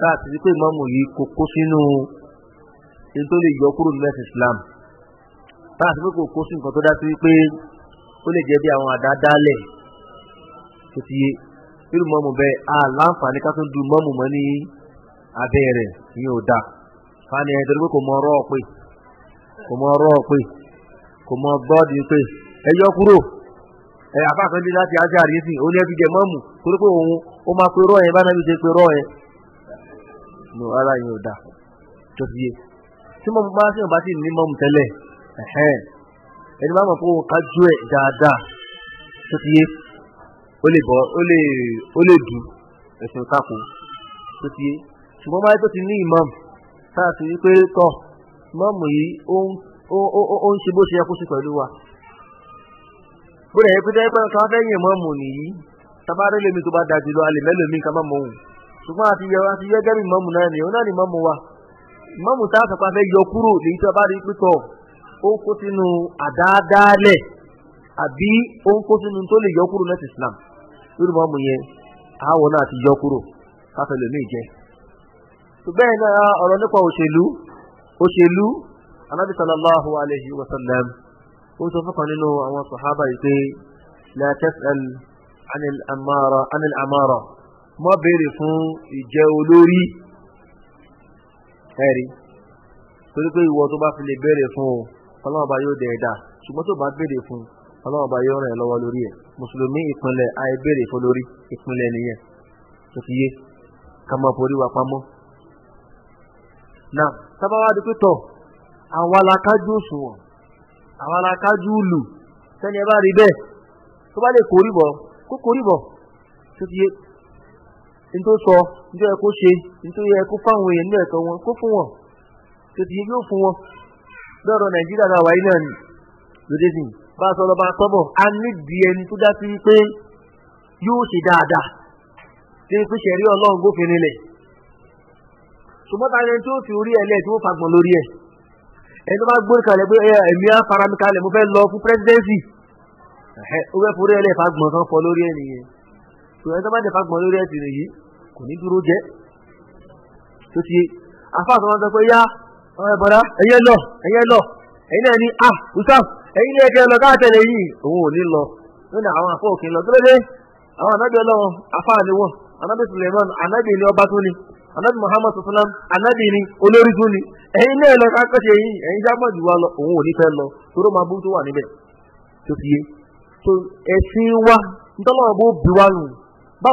káàtì wípé ìmọ̀mù yìí kò kó sínú ẹni tó lè yọ kúrò ní Islam káàtì wípé kò kó sí nǹkan tó dá sí wípé ó lè jẹ́ bí àwọn àdádálẹ̀ tó ti yé irú mọ́mù bẹ́ẹ̀ a láǹfààní ká fani ẹ̀ torí pé kò mọ kò mọ kò mọ pé ẹ yọ kúrò ẹ ní láti ajá àríyé sí òun ẹ jẹ torí pé òun ó máa pe no ara yẹn ò da tó ti yé tí mo bá tí mo bá ti ní mọ́mù tẹ́lẹ̀ ẹni máa mọ̀ pé o ká ju ẹ̀ dáadáa tó ti yé ó lè bọ́ o lè o lè dù ẹ̀sìn kákò tó ti yé ṣùgbọ́n máa tó ti ní ìmọ̀mù tá a sì rí pé tọ̀ mọ́mù yìí ó ń ṣe bó ṣe yẹ kó ṣe pẹ̀lú wa bó dẹ̀ yẹ pé tẹ́lẹ̀ pé ká fẹ́ yìn mọ́mù nìyí tábàárẹ̀ lómi tó bá da jùlọ alẹ́ mẹ́lòmí ká má mọ̀ òun ṣùgbọ́n àti yẹ àti yẹ gẹ́bí mọ́mù náà ni òun náà ni mọ́mù wa mọ́mù tá a sọ pé a fẹ́ yọ kúrò lèyí tó a bá rí pípọ̀ ó kó sínú àdáadáalẹ̀ àbí ó ń kó sínú tó lè yọ kúrò lẹ́sìn Islam lórí mọ́mù yẹn àwọn náà ti yọ kúrò káfẹ́ lòmí jẹ́ bẹ́ẹ̀ náà ọ̀rọ̀ nípa òṣèlú òṣèlú anábì sallallahu alayhi wa sallam ó sọ fún kan nínú má béèrè fún ìjẹ́ olórí ẹ̀rí torí pé ìwọ tó bá fi lè béèrè fún o ọlọ́run ọba yóò dẹ̀ ẹ̀dá ṣùgbọ́n tó bá béèrè fún ọlọ́run ọba yóò ràn ẹ́ lọ́wọ́ lórí ẹ̀ mùsùlùmí ìpínlẹ̀ àìbéèrè fún lórí ìpínlẹ̀ nìyẹn tó ti yé ká máa forí wa pamọ́. náà sábà wá àwọn alákájú òṣùwọ̀n àwọn alákájú lù sẹ́ni ẹ bá rí bẹ́ẹ̀ tó bá lè kórìbọ̀ kó kórìbọ̀ tó ti yé tó sọ nítorí ẹ kó ṣe nítorí ẹ kó fáwọn èèyàn nínú ẹ̀tọ́ wọn kó fún wọn tó ti yóò fún wọn lọ́rọ̀ nàìjíríà náà wáyé náà ni lóde sí bá a sọ lọ́ba tọ́bọ̀ a nídìí ẹni tó dá sí pé yóò ṣe dáadáa tí pé ṣẹ̀rí ọlọ́run gbófin nílẹ̀ ṣùgbọ́n ta ni tí ó fi orí ẹ lẹ́ẹ̀ tí wọ́n fagbọ̀n lórí ẹ̀ ẹni tó bá gbé kalẹ̀ pé ẹ̀mí á fara kalẹ̀ mo fẹ́ lọ fún pírẹ́sidẹ́ǹsì ó fẹ́ forí ẹ lẹ́ẹ̀ fagbọ̀n kan fọ lórí ẹ nìyẹn ṣùgbọ́n ẹni tó bá dẹ̀ fagbọ̀n lórí ẹ sì nìyí kò ní dúró jẹ tó ti afáàtọ̀ máa ya, sọ pé yá ọ̀rẹ́ bọ̀dá ẹyẹ lọ ẹyẹ lọ ẹ̀yin náà ní à ah, usam ẹ̀yin ní ẹ̀kẹ́ lọ káàtẹ̀lẹ̀ yìí òun ò ní lọ lónìí àwọn afọ́ọ̀kì lọ dúró dé àwọn anábì anábì Suleiman anábì ni ọba tó ni ni olórí tó ni náà lọ káàkọ́ṣe yìí ẹ̀yin jù wá lọ òun ò ní lọ toró wa ntọ́lọ́wọ́ bó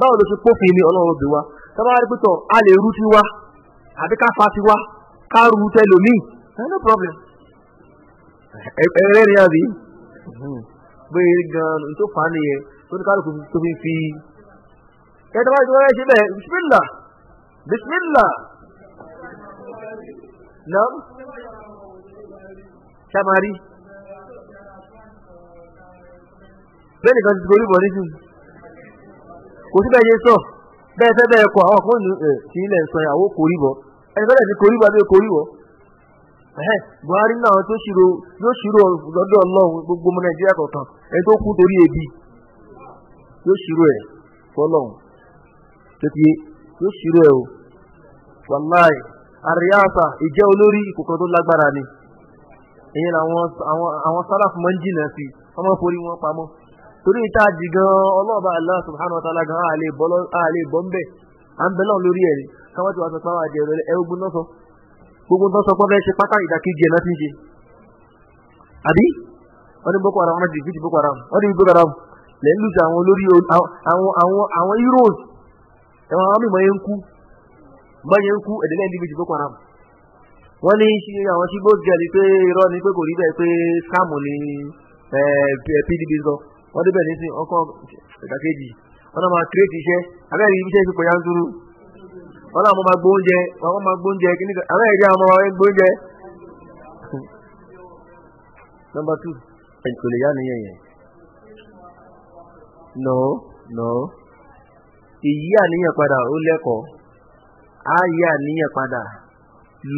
báwo ló ṣe pófin ní ọlọ́run obì wa tọ́ba wá rí pẹ́tọ̀ a lè rú ti wá àbí ká fa ti wá ká rú tẹlòmíì eh, no problem ẹ̀rẹ́ eh, eh, ni àbí bẹ́ẹ̀ hmm. gan-an tó fà á nìyẹn tó ní kálukú tó fi fi kẹta bá ti wọ́n ṣe bẹ́ẹ̀ bisimilá bisimilá nam samari bẹ́ẹ̀ nìkan ti gbórí bọ̀ nísìnyí kò sí bẹ́ẹ̀ sọ bẹ́ẹ̀ fẹ́ bẹ́ẹ̀ kọ àwọn kan ní ẹ̀ eh, tí ilẹ̀ sọ yàwó koríbọ ẹni fẹ́ bẹ́ẹ̀ ní koríbọ abẹ́ koríbọ. Buhari náà tó ṣírò yóò ṣírò lọ́dọ̀ Ọlọ́run gbogbo ọmọ Nàìjíríà kọ̀ọ̀kan ẹni tó kú torí ebi yóò ṣírò ẹ̀ fọlọ́run tó ti yóò ṣírò ẹ̀ o wàláì àríyáàfà ìjẹ́ olórí ìkòkò tó lágbára ni èyí làwọn àwọn sálàfù máa ń jìnà sí ọmọ forí wọn pamọ́. torí ìta jì gan ọlọ́ọ̀bá allah subhanahu wa ta'ala gan àlè bọ́ à ń bẹ náà lórí ẹ̀rí káwọn ti wá sọ pàwọn àjẹ ìrọ̀lẹ́ ẹgbẹ́ náà sọ gbogbo sọ pé bẹ́ẹ̀ ṣe pátá ìdàkejì ẹ̀ náà ti ń ṣe. àbí wọ́n ni pé kò rí bẹ́ẹ̀ pé sáàmù wọ́n débẹ̀ ní sin ọkọ̀ ìdàkejì wọ́n náà máa kírètì iṣẹ́ abẹ́rẹ́ ibi iṣẹ́ ìfipò ya ń dúró wọ́n náà máa gbó oúnjẹ wọ́n máa gbó oúnjẹ kíní kan àwọn ẹ̀rí àwọn ọmọ wọn gbó oúnjẹ. nọmba two kò lè yá nìyẹn yẹn no no ìyí àníyàn padà ó lẹ́kọ̀ọ́ á yí àníyàn padà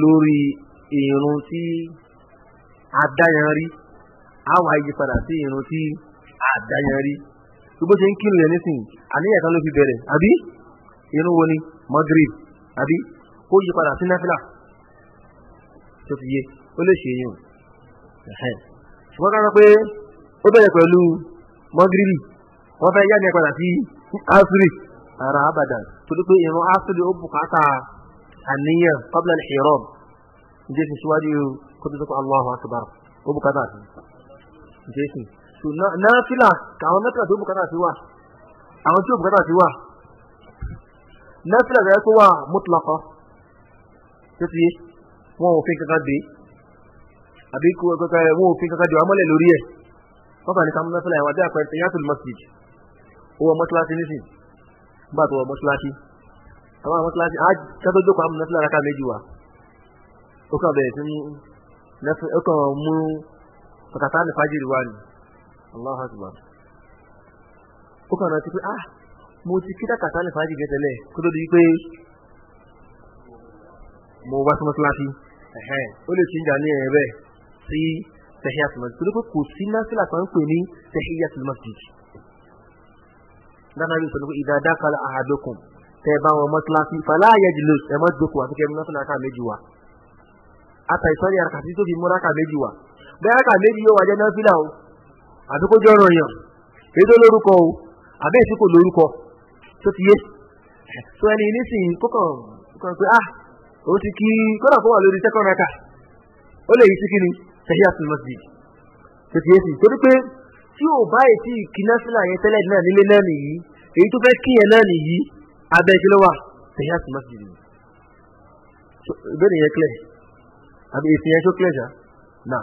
lórí irun tí adáyanrí á wá yí padà sí irun tí. àdáyẹrí gbogbo ṣe ń kí lè nísìnyí àníyàn kan ló fi bẹ̀rẹ̀ àbí irun wo ni magrib àbí kó yí padà sí náfìlà tó ti yé ó lè ṣe yín ṣùgbọ́n ká sọ pé ó bẹ̀rẹ̀ pẹ̀lú wọ́n ara abadan torí pé irun asiri ó bùkátà àníyàn síwájú kó tó ṣùgbọ́n náfìlà káwọn mẹ́ta tó bùkátà sí wà àwọn tí ó bùkátà sí wà náfìlà rẹ̀ tó wà mọ́tòlákọ́ títí wọn ò fi kankan dé àbí kó kankan wọn ò fi kankan dé wà mọ́lẹ̀ lórí ẹ̀ wọ́n kàn ní ká mú náfìlà yẹn wà bí àpẹẹrẹ tẹ̀yà tó lè mọ́sí ó wọ mọ́tòláṣí nísìn nígbà tó wọ mọ́tòláṣí àwọn mọ́tòláṣí á kátó jókòó àmú náfìlà rákà méjì wà ó allah akbar ó kàn rántí pé ah mo ti kí dàkàtà lè fàájì gẹ́ kó tó di pé mo wá sí mọ́sálásí ó lè ṣíjà ní ẹ̀rẹ̀ bẹ́ẹ̀ sí tẹ̀híyàtì masjid torí pé kò sí násìlà kan ń pè ní tẹ̀híyàtì masjid dáná bí sọ̀rọ̀ pé ìdádàkàlà àhàdókùn tẹ́ bá wọn mọ́sálásí fàlàyé jùlọ ẹ̀mọ́ jókòó àti kẹ́mi násìlà ká méjì wá àtàìsọ́rí àràkàtì tó fi múra ká àbí kó jọ ọ̀ràn yàn èyí tó lórúkọ o àbí èyí tí kò lórúkọ tó ti yé tó ẹni nísìnyí kókàn kókàn pé ah òun ti kí kódà kó wà lórí second raka ó lè yí sí kíni tahiyatul masjid tó ti yé sí torí pé tí ò bá èsì ìkínáṣílà yẹn tẹ́lẹ̀ náà nílé náà nìyí èyí tó fẹ́ kí yẹn náà nìyí abẹ́ kí ló wà tahiyatul masjid ni ìbéèrè yẹn clear àbí èsì yẹn tó clear ṣá náà.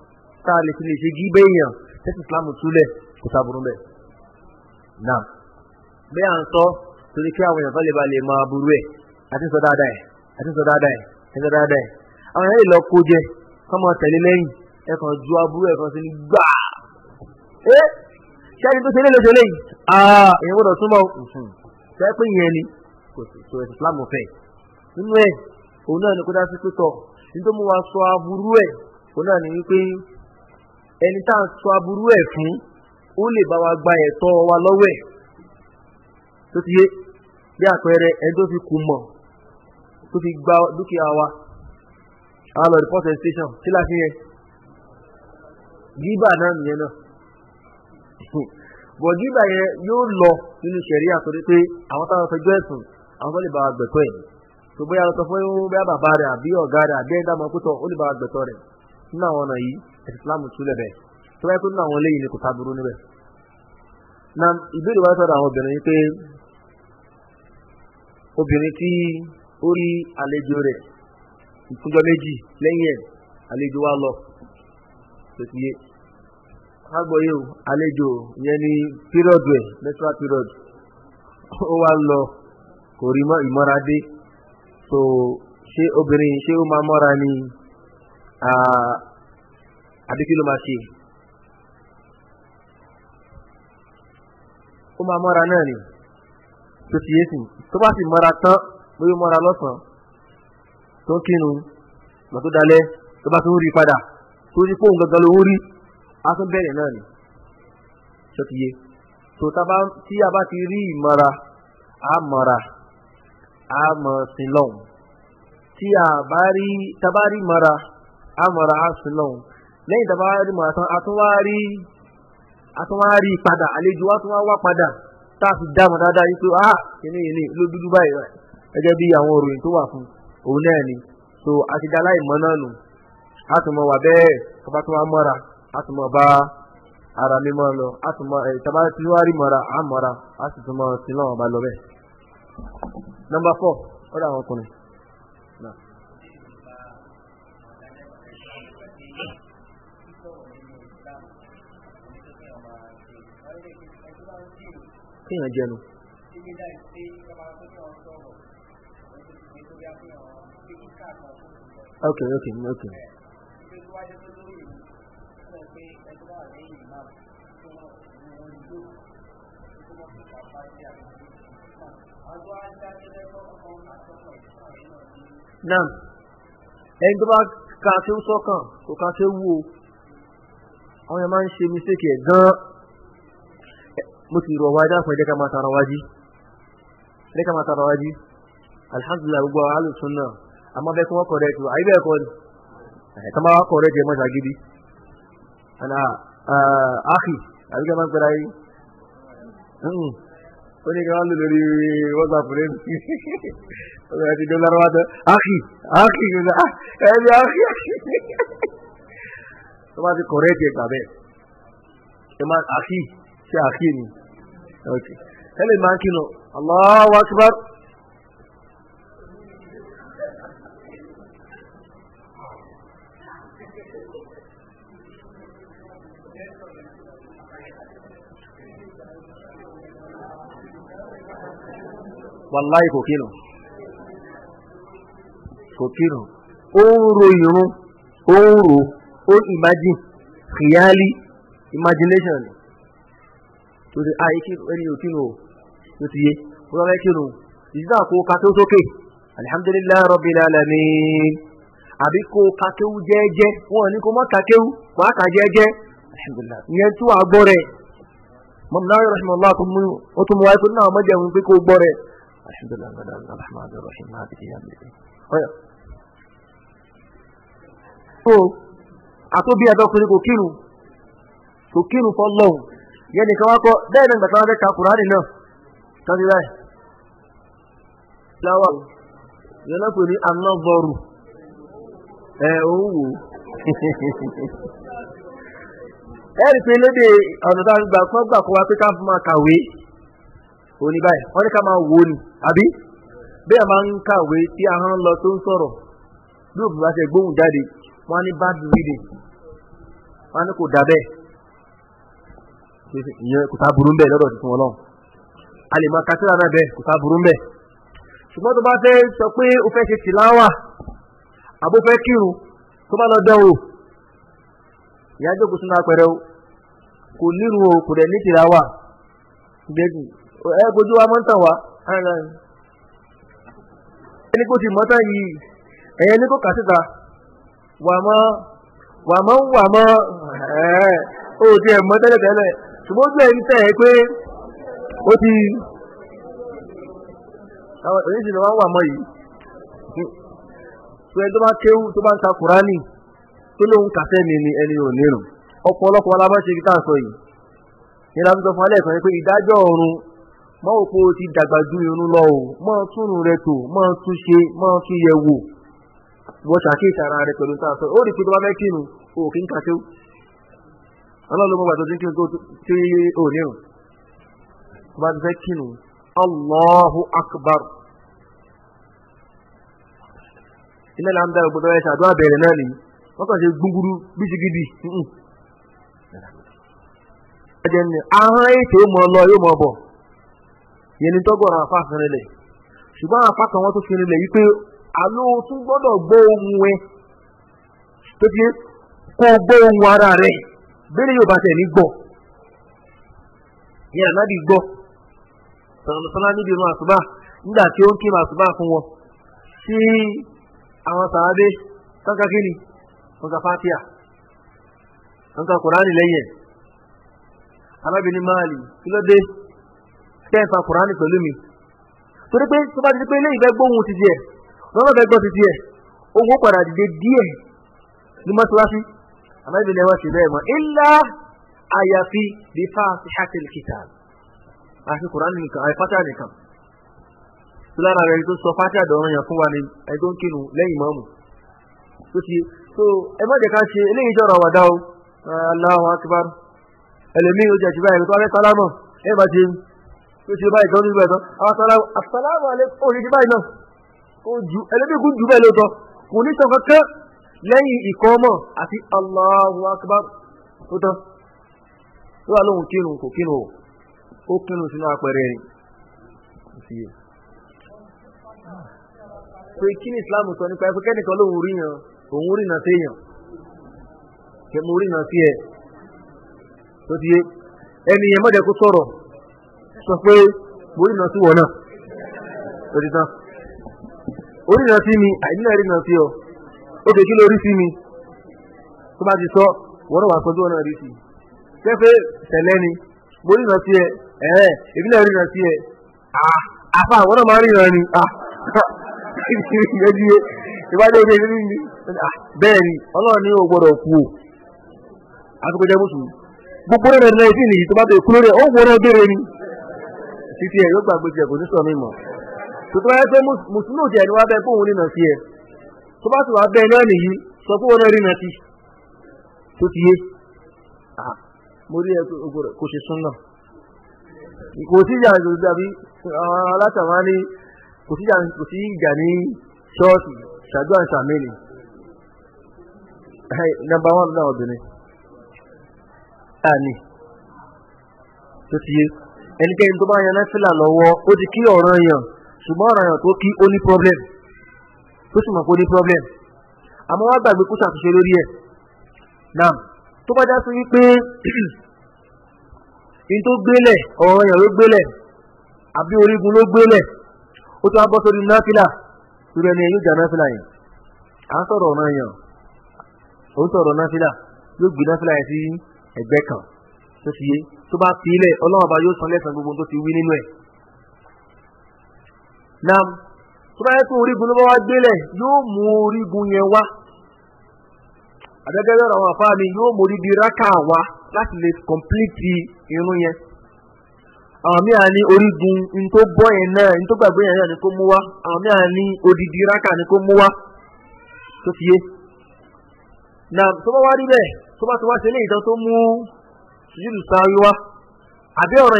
tá a lè fi lè ṣe gí béèyàn tẹ́sí islam túlẹ̀ kò sábúrú bẹ́ẹ̀. nà bí à ń sọ torí kí àwọn èèyàn tó lè ba lè máa burú ẹ̀ àti sọ dáadáa ẹ̀ àti sọ dáadáa ẹ̀ àti sọ dáadáa ẹ̀ àwọn èèyàn lè lọ kó jẹ kọ́mọ tẹ̀lé lẹ́yìn ẹ̀ kàn ju aburú ẹ̀ kàn sí ní gbà. ẹ ṣẹ́ni tó ṣe lélo ṣe léyìí èèyàn gbọ́dọ̀ túmọ̀ ṣẹ́ pé ìyẹn ni kò sì sọ ẹ̀sìn islam fẹ́ nínú ẹ̀ òun náà ni kó dá sí pé tọ̀ nítorí mo wá sọ aburú ẹ̀ òun náà ni wípé ẹni tá à ń sọ aburú ẹ̀ fún ó lè bá wa gba ẹtọ wa lọwọ tó ti yé bí àpẹẹrẹ fi kù mọ tó fi gba dúkìá wa a lọ report station kí láti yẹn gíbà náà nìyẹn náà bọ̀ gíbà yẹn yóò lọ nínú ìṣẹ̀rí àtọ́rí pé àwọn táwọn fẹjọ́ ẹ̀sùn àwọn tó lè bá wa gbẹ̀tọ́ ẹ̀ tó bóyá lọ sọ fún bóyá bàbá àbí ọ̀gá àbí nínú àwọn ọ̀nà yìí ẹ̀sìn islam túlẹ̀ bẹ́ẹ̀ tó báyìí pé nínú àwọn eléyìí ni kò sábúrú níbẹ̀. na ìbéèrè wáyé sọ̀rọ̀ àwọn obìnrin pé obìnrin tí ó rí àlejò rẹ̀ ìtújọ́ méjì lẹ́yìn ẹ̀ àlejò wa lọ tòkìyé agbóyè o àlejò yẹn ni period rẹ̀ menstrual period ó wá lọ kò rí mọ́ ìmọ́ra dé so ṣé obìnrin ṣé ó máa mọ́ra ni àbí kí ló máa ṣe ó máa mọ́ra náà ni tó ti yé sìn tó bá sì mọ́ra tán bóyá mọ́ra lọ́sàn-án tó ń kírun lọ tó dalẹ̀ tó bá tún rí padà tó ní fóun gangan ló ń rí á tún bẹ̀rẹ̀ náà ni tó ti yé tó tí a bá ti rí ìmọ̀ra á mọ̀ra á mọ̀ sí tí a bá rí mọ̀ra á mọ̀ra á sí lẹ́yìn tá a bá rí mọ̀ràn tán àtúnwárí padà àlejò wa tún wá wá padà tá a dáadáa ah, yìí pé ah kìíní ló dúdú báyìí rẹ̀ gẹ́gẹ́ bí àwọn òròyìn tó wà fún òun náà ni so àti dáláì náà nù wà bẹ́ẹ̀ tó wá mọ́ra kéèyàn jẹnu. ok ok ok. náà ẹni tó bá ka tí ó sọ́kàn kò ka tí ó wú o àwọn yẹn máa ń ṣe mistake ẹ̀ gan-an mo ti rọ̀ wá dáfọ̀ ẹ̀dẹ́ka máa tara wájú ẹ̀dẹ́ka máa tara wájú alhamdulilah gbogbo àwọn alùsùn náà àmọ́ bẹ́ẹ̀ kí wọ́n kọ̀rẹ́ tó àyíbẹ̀ ẹ̀kọ́ ni ẹ̀ka máa wá kọ̀rẹ́ jẹ́ mọ́ta ana áàkì àbíkẹ́ máa ń pẹ́ra yìí hmm. ó ní kí wọ́n lò lórí whatsapp rẹ̀ ti dọ́là wá tán áàkì áàkì ah, ẹ̀ẹ́dì áàkì tó bá ti kọ̀rẹ́ jẹ́ gbà bẹ́ẹ̀ ẹ máa áàkì ṣe áàkì ni. Okay. Hele man kino. Allahu akbar. Wallahi kò kírun. Kò kírun. Ó ń ro ìrun. Ó ro. Ó imagine. Kìyálí. Imagination ni tó ti ayé kí ẹni ò kírun o tó ti yé ó lọ́wọ́ kírun ìdílé àkó kakó sókè alihamudulilayi rabbil alamin àbí kó kakéwu jẹ́ẹ́jẹ́ wọn ní kó má kakéwu má kà jẹ́ẹ́jẹ́ alihamudulilayi ìyẹn tó àgbọ̀ rẹ̀ mọ̀mọ́láyọ̀ rahimahullah tó mú ó tó mú wáyé fún náà mọ̀jẹ̀ wọn pé kó gbọ́ rẹ̀ alihamudulilayi rahimahullah rahimahullah ti yà mí. so àtòbí ẹ̀dọ́kùnrin kò kírun kò kírun fọlọ́hùn yẹn nìkan wá kọ́ bẹ́ẹ̀ náà gbàtà wọn fẹ́ ka kùránì náà tọ́jú báyìí. láwa ìyẹn náà pè ní anọ́bọ̀rù ẹ̀ òun wò ẹ rí i pé ọ̀nà tá a gbà kọ́ gbà kọ́ wa pé máa kàwé òní báyìí wọ́n ní ká ni àbí bí a máa ń kàwé tí a hàn lọ tó ń sọ̀rọ̀ bí bad wọ́n á ní kò ìyẹn kò sá burú ń bẹ lọ́dọ̀ tuntun ọlọ́run a lè máa kásíra náà bẹ́ẹ̀ kò sá burú ń bẹ ṣùgbọ́n tó bá fẹ́ sọ pé o fẹ́ ṣe tìláwà àbó fẹ́ kírun tó bá lọ dán o ìyá jókòó sínú apẹ̀rẹ̀ o kò nírun o kò dẹ̀ ní tìláwà gbẹ̀gùn ẹ kojú wa mọ́tàn wa ẹni kò sì mọ́tàn yìí ẹ̀yẹ ní kò kásíta wà mọ́ wà mọ́ wà mọ́ ẹ̀ẹ́ o ò tiẹ̀ mọ́ tẹ́lẹ̀ ṣùgbọ́n ojú ẹ̀rí tẹ̀ ẹ́ pé ó ti àwọn oníṣìí ni wọ́n wà mọ́ yìí ṣùgbọ́n tó bá kéwú tó bá ń ka kùránì tó lóun kàfẹ́ mi ni ẹni ò nírun ọ̀pọ̀lọpọ̀ alábọ́ṣe kí káàsọ yìí ní lábí sọ fún alẹ́ ìkànnì pé ìdájọ́ ọ̀run mọ́ òpó ti dàgbà ju irun lọ o mọ́ túnú rẹ tò mọ́ tún ṣe mọ́ tún yẹ wò wọ́n ṣàkíyèsára rẹ pẹ̀lú táàsọ ó rí pé tó bá fẹ́ kírun òkín kàtẹ́wò ọlọ́run gbàgbọ́ tí kò tí ò ní rùn bá ti fẹ́ kínú allahu akbar ilé náà ń dára gbọdọ̀ ẹ̀ṣẹ̀ àdúrà bẹ̀rẹ̀ náà nìyí wọ́n kàn ṣe gbúgbúrú bíṣigidi ẹ̀jẹ̀ ni ahọ́n ètò na mọ lọ yóò na bọ̀ yẹn ni tọ́gbọ̀rọ̀ àfa fẹ́rẹ̀ lẹ̀ ṣùgbọ́n àfa kan wọ́n tó fi tún gbọ́dọ̀ tó fi kó ara rẹ̀. bẹ́ẹ̀ yóò bá tẹ̀ ní gbọ́ ní ànábì gbọ́ sọ̀rọ̀sọ́lá níbi ìrún àṣùbà nígbà tí ó ń kírun àṣùbà fún wọn tí àwọn sàábé tọ́ka kíni fatia tọ́ka kùránì lẹ́yìn arábìnrin máàlì kí ló dé tẹ́ǹfà kùránì pẹ̀lú mi torí pé tó bá ti di pé gbóhùn ẹ̀ lọ́nà gbọ́ ẹ̀ padà dìde díẹ̀ ní mọ́ṣáláṣí ànábì ni wọ́n ti bẹ́ẹ̀ mọ́ ilá àyàfi bí fáàsì hàtìl kìtà àti kùránì nìkan àti fátà nìkan tó lára rẹ̀ tó sọ fátà dọ̀rọ̀ yẹn fún wa ni ẹjọ́ ń kinu lẹ́yìn mọ́mù tó ti so ẹ má jẹ́ ká ṣe eléyìí jọ̀rọ̀ àwàdà o aláwọ̀ akíbar ẹlẹ́mí ojú àti báyìí tó alẹ́ sálámọ̀ ẹ bá ti tó ti báyìí tó ní bẹ́ẹ̀ tán àwọn sálámọ̀ àsálámọ̀ alẹ́ kó o ní ti báyìí náà ó ju ẹlẹ́mí kú ju bẹ́ẹ̀ lóòótọ́ kò ní sọ kankan lẹ́yìn ìkọ́mọ̀ àti Allahu Akbar tó tán tó wà lóhun kírun kò kírun ó kírun sínú àpẹẹrẹ rẹ̀ pé kí ni Islam sọ nípa ẹ̀fọ́ kẹ́nìkan lóhun rí yàn òun rí náà téèyàn kẹmú rí náà sí ẹ tó ti yé ẹni yẹn mọ́jẹ́ kó sọ̀rọ̀ sọ pé mo rí náà sí wọ̀ náà tó ti tán orí náà sí mi àìní rí náà sí ọ òkè kí na rí sí mi tó bá ti sọ wọ́n wà sọ bí wọ́n náà rí sí i jẹ́ pé tẹ̀lẹ́ ni mo rí ìrántí ẹ ẹ̀ẹ́ ìbílẹ̀ rí ìrántí ẹ ah, àfa àwọn náà máa ah, rí ìran ni ìyẹ́díye ìbájẹ́ omi ìrírí ah, ni bẹ́ẹ̀ ni ọlọ́run ní o gbọ́dọ̀ kú o àtúkọ̀ jẹ́ mùsùlùmí gbogbo rẹ̀ náà ìdí nìyí tó bá bẹ̀rẹ̀ kú lórí ẹ̀ ó wọ́n náà bẹ̀rẹ̀ ni títí ẹ̀ yóò gbàgbé jẹ̀ kò ní sọ mí mọ̀ tòtò ayé pé mùsùlùmí òjì ẹ̀ ni wá bẹ́ẹ̀ kóhun nínà sí ẹ̀ tó bá ti wà bẹ́ẹ̀ náà nìyí sọ pé wọ́n rí náà ti tó ti yé mo rí ẹ kò ṣe sún náà kò sí ìjà ìjọ dàbí alátàmá ní kò sí ìjà ní ṣọ́ọ̀ṣì ṣàdúrà ṣàmìlì nàbà wọn náà obìnrin àní tó ti yé ẹnikẹ́ni tó bá yan náà fìlà lọ́wọ́ ó ti kí ọ̀ràn yàn ṣùgbọ́n ọ̀ràn yàn tó kí ó ní pọ́blẹ́mù tó sì mọ̀ pé ní problem àmọ́ wá gbàgbé kó ṣàtúnṣe lórí ẹ̀ náà tó bá já sí wípé ní tó gbélẹ̀ ọ̀rọ̀ yẹn ló gbélẹ̀ àbí orígun ló gbélẹ̀ ó tún á bọ́ sórí náfìlà irú ẹni yóò jà náfìlà yẹn à ń sọ̀rọ̀ ọ̀ràn yẹn ò ń sọ̀rọ̀ náfìlà yóò gbé náfìlà yẹn sí ẹgbẹ́ kan tó ti yé tó bá fi ilẹ̀ ọlọ́wọ́ yóò san lẹ́sàn gbogbo tó ti wí nínú ẹ̀. náà tó bá yẹ kó orígun ló bá wá orígun yẹn wá àdẹ́gẹ́gẹ́ àwọn àfáà mi yóò mórí bíi rákà wá láti lè kọ̀m̀plìtì irun yẹn àwọn míì ní orígun ní bọ́ gbàgbé yẹn ni kó mú wá àwọn ní odidi rákà ni kó mú wá tó na tó bá wá rí bẹ́ẹ̀ tó bá tó wá ṣe ní tó mú sùjúdù sáré wá àbí ọ̀rọ̀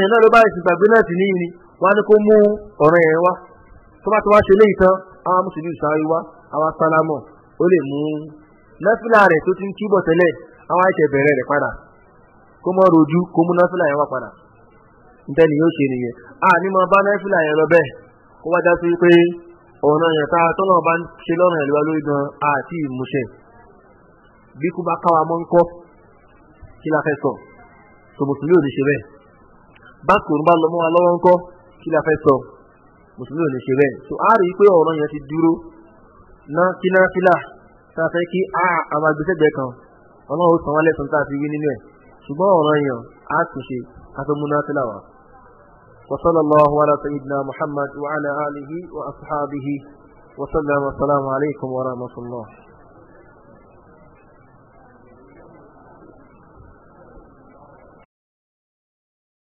yẹn tó bá ti wá ṣe léyìí tán àwọn mùsùlùmí sáré wá àwọn sálámọ̀ ó lè mú náfìlà rẹ̀ tó ti ń túbọ̀ tẹ́lẹ̀ àwọn padà kó rojú kó nìyẹn a ní mo bá náfìlà yẹn lọ bẹ́ẹ̀ kó wá dá sí pé ọ̀nà yẹn tá a bá ń ṣe la fẹ́ sọ ò ní ṣe bẹ́ẹ̀ bá mùsùlùmí ò lè ṣe bẹ́ẹ̀ so a rí i pé ọ̀rọ̀ yẹn ti dúró náfìlà tá a fẹ́ kí a amagbèsẹ́gbẹ́ kan ọlọ́run san wá lẹ́sùn tá a fi wí nínú ẹ̀ ṣùgbọ́n ọ̀rọ̀ yẹn a tún ṣe a fẹ́ mú náfìlà wá. وصلى الله على سيدنا محمد وعلى آله وأصحابه وسلم والسلام عليكم ورحمة الله